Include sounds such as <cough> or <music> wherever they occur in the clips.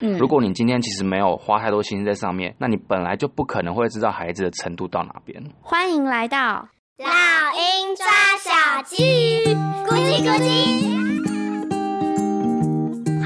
嗯、如果你今天其實沒有花太多心思在上面，那你本來就不可能會知道孩子的程度到哪邊。歡迎來到老英抓小雞，咕嘰咕嘰。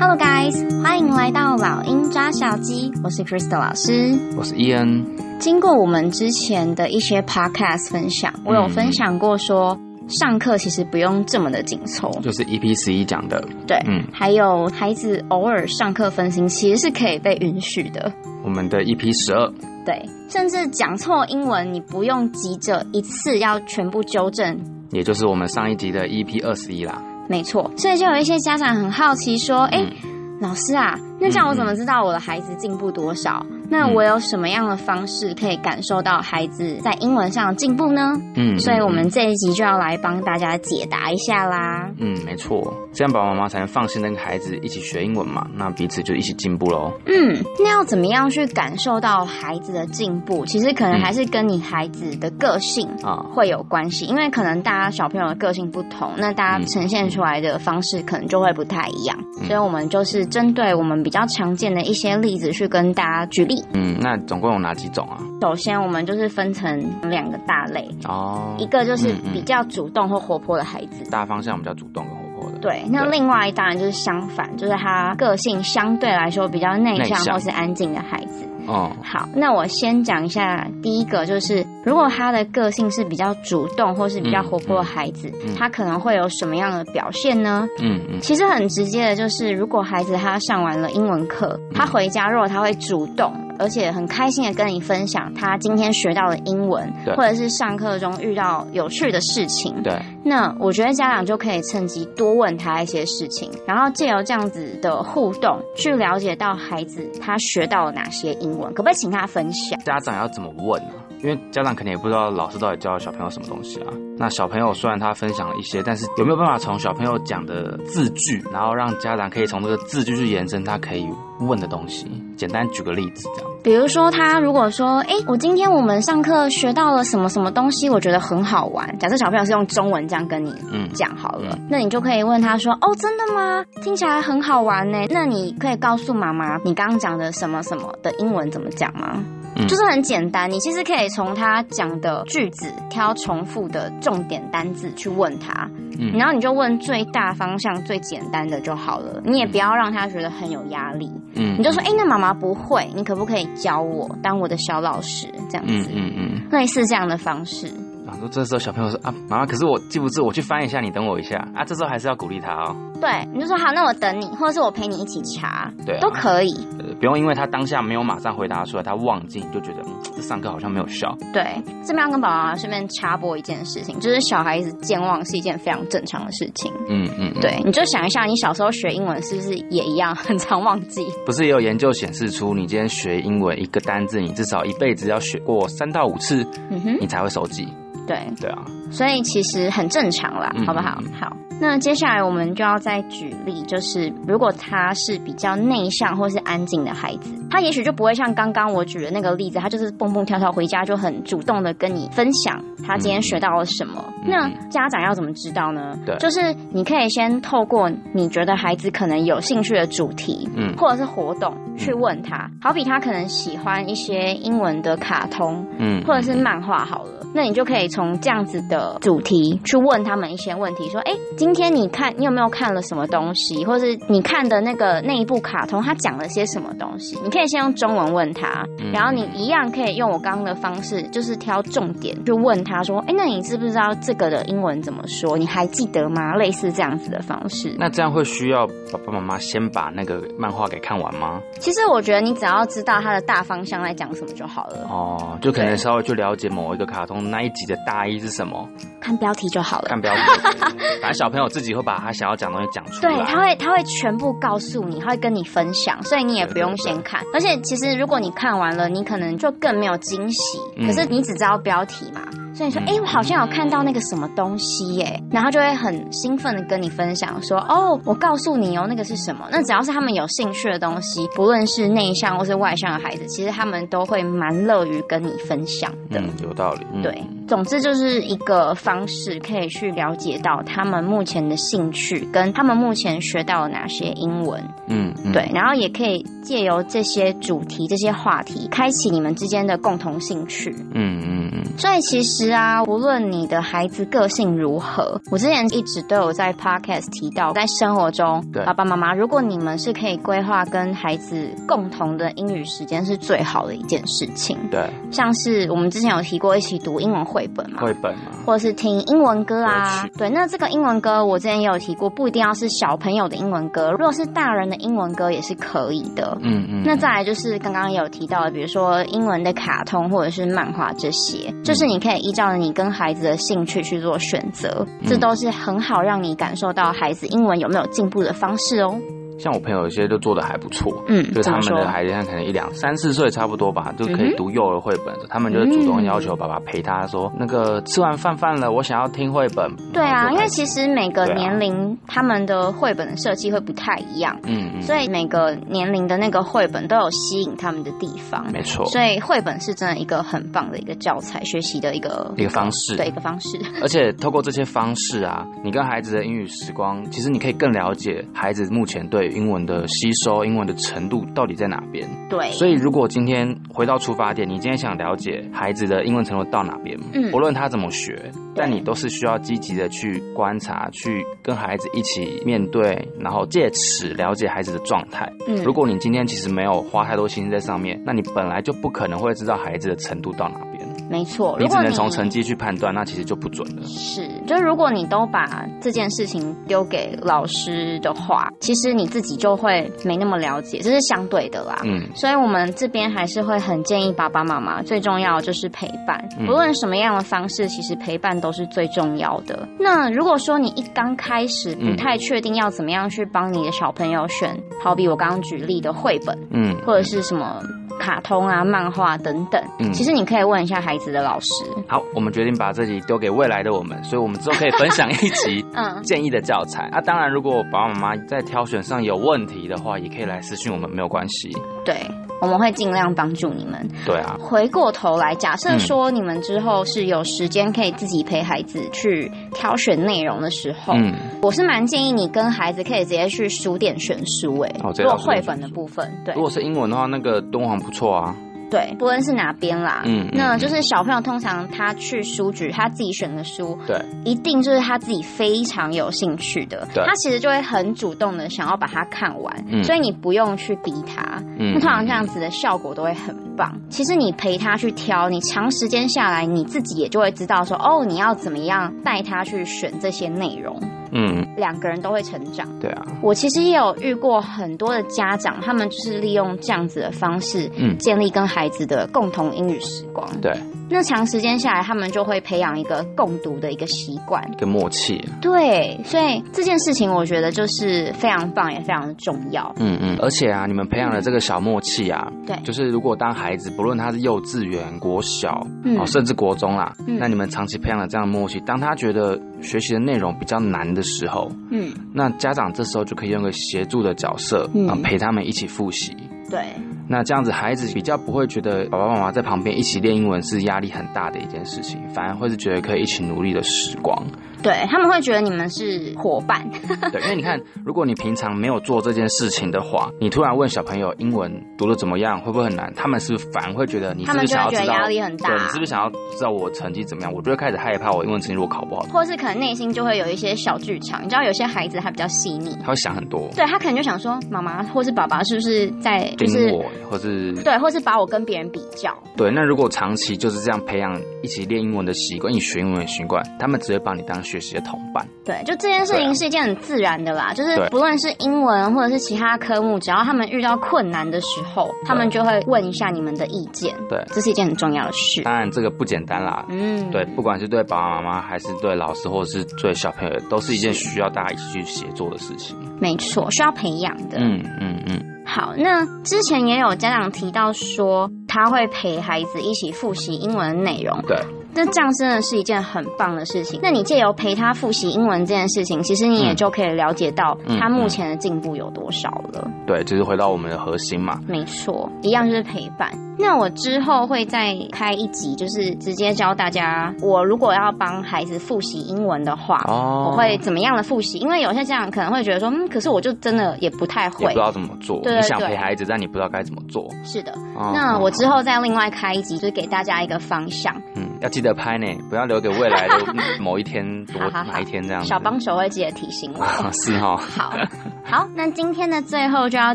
Hello guys，歡迎來到老英抓小雞，我是 Crystal 老師，我是 Ian。經過我們之前的一些 podcast 分享，嗯、我有分享過說。上課其實不用這麼的緊湊，就是 EP 十一講的，對，嗯，還有孩子偶爾上課分心其實是可以被允許的。我們的 EP 十二，對，甚至講錯英文，你不用急着一次要全部糾正，也就是我們上一集的 EP 二十一啦，沒錯。所以就有一些家長很好奇說，哎、欸，嗯、老師啊。那這樣我怎麼知道我的孩子進步多少？那我有什麼樣的方式可以感受到孩子在英文上的進步呢？嗯，所以我們這一集就要來幫大家解答一下啦。嗯，沒錯，這樣爸爸媽媽才能放心跟孩子一起學英文嘛。那彼此就一起進步嘍。嗯，那要怎麼樣去感受到孩子的進步？其實可能還是跟你孩子的個性啊會有關係，因為可能大家小朋友的個性不同，那大家呈現出來的方式可能就會不太一樣。所以我們就是針對我們比較，比較常見的一些例子去跟大家舉例。嗯，那總共有哪幾種啊？首先，我們就是分成兩個大類哦，一個就是比較主動或活潑的孩子。嗯嗯，大方向比較主動跟活潑的。對，那另外一當然就是相反，就是他個性相對來說比較內向或是安靜的孩子。哦，好，那我先講一下第一個就是。如果他的個性是比較主動或是比較活潑的孩子，嗯嗯、他可能會有什麼樣的表現呢？嗯嗯，嗯其實很直接的，就是如果孩子他上完了英文課，嗯、他回家如果他會主動而且很開心的跟你分享他今天學到了英文，對或者是上課中遇到有趣的事情，對，那我覺得家長就可以趁機多問他一些事情，然後借由這樣子的互動去了解到孩子他學到了哪些英文，可不可以請他分享？家長要怎麼問呢？因為家長肯定也不知道老師到底教了小朋友什麼東西啊。那小朋友雖然他分享了一些，但是有沒有辦法從小朋友講的字句，然後讓家長可以從這個字句去延伸他可以問的東西？簡單舉個例子，這樣。比如說他如果說，哎，我今天我們上課學到了什麼什麼東西，我覺得很好玩。假設小朋友是用中文這樣跟你嗯講好了，嗯，那你就可以問他說，哦，真的嗎？聽起來很好玩呢。那你可以告訴媽媽，你剛剛講的什麼什麼的英文怎麼講嗎？嗯、就是很簡單，你其實可以從他講的句子挑重複的重點單字去問他，嗯、然後你就問最大方向最簡單的就好了。你也不要讓他覺得很有壓力，嗯、你就說：“哎、欸，那媽媽不會，你可不可以教我當我的小老師？”這樣子，類似、嗯嗯嗯、這樣的方式、啊。這時候小朋友說：“啊，媽媽，可是我記不住，我去翻一下，你等我一下。”啊，這時候還是要鼓勵他哦。對，你就說：“好，那我等你，或者是我陪你一起查，對、啊、都可以。”不用因為他當下沒有馬上回答出來，他忘記你就覺得上課好像沒有效。對，這邊要跟寶寶順便插播一件事情，就是小孩子健忘是一件非常正常的事情。嗯嗯，嗯對，你就想一下，你小時候學英文是不是也一樣，很常忘記？不是，也有研究顯示出，你今天學英文一個單字，你至少一輩子要學過三到五次，嗯哼，你才會熟記。對對啊，所以其實很正常啦，好不好？嗯嗯嗯、好。那接下來我們就要再舉例，就是如果他是比較內向或是安靜的孩子，他也許就不會像剛剛我舉的那個例子，他就是蹦蹦跳跳，回家就很主動的跟你分享他今天學到了什麼。嗯、那家長要怎麼知道呢？嗯、就是你可以先透過你覺得孩子可能有興趣的主題，嗯、或者是活動。去問他，好比他可能喜歡一些英文的卡通，嗯，或者是漫畫好了，那你就可以從這樣子的主題去問他們一些問題，說，哎、欸，今天你看你有沒有看了什麼東西，或是你看的那個那一部卡通，他講了些什麼東西？你可以先用中文問他，嗯、然後你一樣可以用我剛剛的方式，就是挑重點去問他說，哎、欸，那你知不知道這個的英文怎麼說？你還記得嗎？類似這樣子的方式。那這樣會需要爸爸媽媽先把那個漫畫給看完嗎？其實我覺得你只要知道它的大方向在講什麼就好了。哦，就可能稍微去了解某一個卡通對那一集的大意是什麼，看標題就好了。看標題，反正 <laughs> 小朋友自己會把他想要講的東西講出來。對，他會他會全部告訴你，他會跟你分享，所以你也不用先看。對對對，而且其實如果你看完了，你可能就更沒有驚喜。嗯，可是你只知道標題嘛。所以你說，哎、欸，我好像有看到那個什麼東西耶、欸，然後就會很興奮的跟你分享說，哦，我告訴你哦，那個是什麼？那只要是他們有興趣的東西，不論是內向或是外向的孩子，其實他們都會蠻樂於跟你分享的。嗯，有道理。對，嗯、總之就是一個方式可以去了解到他們目前的興趣跟他們目前學到了哪些英文。嗯，嗯，對，然後也可以借由這些主題、這些話題，開啟你們之間的共同興趣。嗯嗯嗯。嗯嗯所以其實。是啊，無論你的孩子個性如何，我之前一直都有在 podcast 提到，在生活中，對，爸爸媽媽，如果你們是可以規劃跟孩子共同的英語時間，是最好的一件事情。對，像是我們之前有提過一起讀英文繪本嘛？繪本嘛、啊，或者是聽英文歌啊？對，對，那這個英文歌我之前也有提過，不一定要是小朋友的英文歌，如果是大人的英文歌也是可以的。嗯嗯。那再來就是剛剛也有提到的，比如說英文的卡通或者是漫畫這些，就是你可以一。照你跟孩子的興趣去做選擇，這都是很好讓你感受到孩子英文有沒有進步的方式哦。像我朋友有一些就做的還不錯，嗯，就是他們的孩子像可能一兩三四歲差不多吧，就可以讀幼兒繪本。嗯、他們就是主動要求爸爸陪他說，嗯、那個吃完飯飯了，我想要聽繪本。對啊，因為其實每個年齡他們的繪本的設計會不太一樣，嗯嗯、啊，所以每個年齡的那個繪本都有吸引他們的地方，沒錯。所以繪本是真的一個很棒的一個教材學習的一個一個方式，對一個方式。而且透過這些方式啊，你跟孩子的英語時光，其實你可以更了解孩子目前對。英文的吸收，英文的程度到底在哪邊？對，所以如果今天回到出發點，你今天想了解孩子的英文程度到哪邊，嗯，無論他怎麼學，對但你都是需要積極的去觀察，去跟孩子一起面對，然後借此了解孩子的狀態。嗯，如果你今天其實沒有花太多心思在上面，那你本來就不可能會知道孩子的程度到哪邊。沒錯，如果你，你只能從成績去判斷，那其實就不準了。是，就是如果你都把這件事情丟給老師的話，其實你自己就會沒那麼了解，這是相對的啦。嗯，所以我們這邊還是會很建議爸爸媽媽，最重要就是陪伴，不論什麼樣的方式，其實陪伴都是最重要的。那如果說你一剛開始不太確定要怎麼樣去幫你的小朋友選，好比我剛剛舉例的繪本，嗯，或者是什麼卡通啊、漫畫等等，嗯，其實你可以問一下孩子。子的老師，好，我們決定把這集丟給未來的我們，所以我們之後可以分享一集建議的教材。 <laughs> 嗯、啊，當然，如果爸爸媽媽在挑選上有問題的話，也可以來私訊我們，沒有關係。對，我們會盡量幫助你們。對啊，回過頭來，假設說你們之後是有時間可以自己陪孩子去挑選內容的時候，嗯，我是蠻建議你跟孩子可以直接去書店選書，哎，哦，如果繪本的部分，對，如果是英文的話，那個敦煌不錯啊。對，不論是哪邊啦，嗯，那就是小朋友通常他去書局，他自己選的書，對，一定就是他自己非常有興趣的，對，他其實就會很主動的想要把它看完，嗯，所以你不用去逼他，嗯，那通常這樣子的效果都會很棒。嗯，其實你陪他去挑，你長時間下來，你自己也就會知道說，哦，你要怎麼樣帶他去選這些內容。嗯，兩個人都會成長。對啊，嗯，我其實也有遇過很多的家長，他們就是利用這樣子的方式，嗯，建立跟孩子的共同英語時光。對。那長時間下來，他們就會培養一個共讀的一個習慣，跟默契。對，所以這件事情我覺得就是非常棒，也非常重要。嗯嗯，而且啊，你們培養了這個小默契啊，嗯、對，就是如果當孩子不論他是幼稚園、國小，嗯哦、甚至國中啦，嗯、那你們長期培養了這樣的默契，當他覺得學習的內容比較難的時候，嗯，那家長這時候就可以用一個協助的角色，嗯、呃，陪他們一起複習。對。那這樣子，孩子比較不會覺得爸爸媽媽在旁邊一起練英文是壓力很大的一件事情，反而會是覺得可以一起努力的時光。對，他們會覺得你們是夥伴， <laughs> 對，因為你看，如果你平常沒有做這件事情的話，你突然問小朋友英文讀得怎麼樣，會不會很難？他們是不是反而會覺得你是不是想要知道，他們就會覺得壓力很大啊，對，你是不是想要知道我成績怎麼樣？我就會開始害怕，我英文成績如果考不好，或是可能內心就會有一些小劇場。你知道，有些孩子他比較細膩，他會想很多，對，他可能就想說，媽媽或是爸爸是不是在，就是，逼我，或是對，或是把我跟別人比較，對。那如果長期就是這樣培養一起練英文的習慣，一起學英文的習慣，他們只會把你當。學習的同伴，對，就這件事情是一件很自然的啦。啊、就是不論是英文或者是其他科目，只要他們遇到困難的時候，對他們就會問一下你們的意見。對，這是一件很重要的事。當然，這個不簡單啦。嗯，對，不管是對爸爸媽媽，還是對老師，或者是對小朋友，都是一件需要大家一起去協作的事情。沒錯，需要培養的。嗯嗯嗯。嗯嗯好，那之前也有家長提到說，他會陪孩子一起複習英文內容。對。那這樣真的是一件很棒的事情。那你借由陪他複習英文這件事情，其實你也就可以了解到他目前的進步有多少了。嗯嗯嗯。對，就是回到我們的核心嘛。沒錯，一樣就是陪伴。那我之後會再開一集，就是直接教大家，我如果要幫孩子複習英文的話，哦、我會怎麼樣的複習？因為有些家長可能會覺得說，嗯，可是我就真的也不太會，不知道怎麼做。對你想陪孩子，對但你不知道該怎麼做。是的，哦、那我之後再另外開一集，就給大家一個方向。嗯，要記得拍呢，不要留給未來的 <laughs> 某一天、 <laughs> 哪一天這樣，好好好。小幫手會記得提醒我。哦、是哦、哦， <laughs> 好好。那今天的最後就要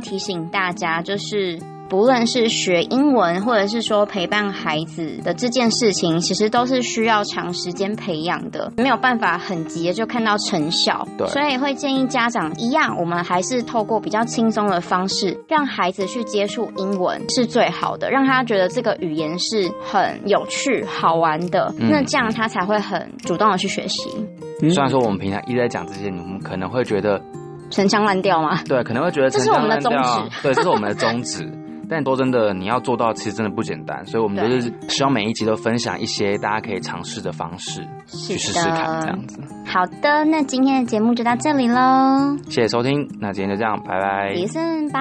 提醒大家，就是。不論是學英文，或者是說陪伴孩子的這件事情，其實都是需要長時間培養的，沒有辦法很急的就看到成效。對，所以會建議家長一樣，我們還是透過比較輕鬆的方式，讓孩子去接觸英文是最好的，讓他覺得這個語言是很有趣、好玩的，嗯、那這樣他才會很主動的去學習。嗯、雖然說我們平常一直在講這些，你們可能會覺得陳腔濫調嗎？對，可能會覺得、啊、這是我們的宗旨，對，這是我們的宗旨。 <laughs> 但多真的，你要做到，其實真的不簡單。所以我們就是希望每一集都分享一些大家可以嘗試的方式，去試試看的這樣子。好的，那今天的節目就到這裡嘍。謝謝收聽，那今天就這樣，拜拜。李森，拜。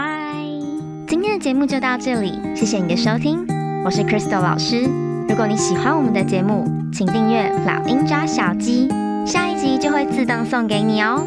今天的節目就到這裡，謝謝你的收聽。我是 Crystal 老師。如果你喜歡我們的節目，請訂閱《老英抓小雞》，下一集就會自動送給你哦。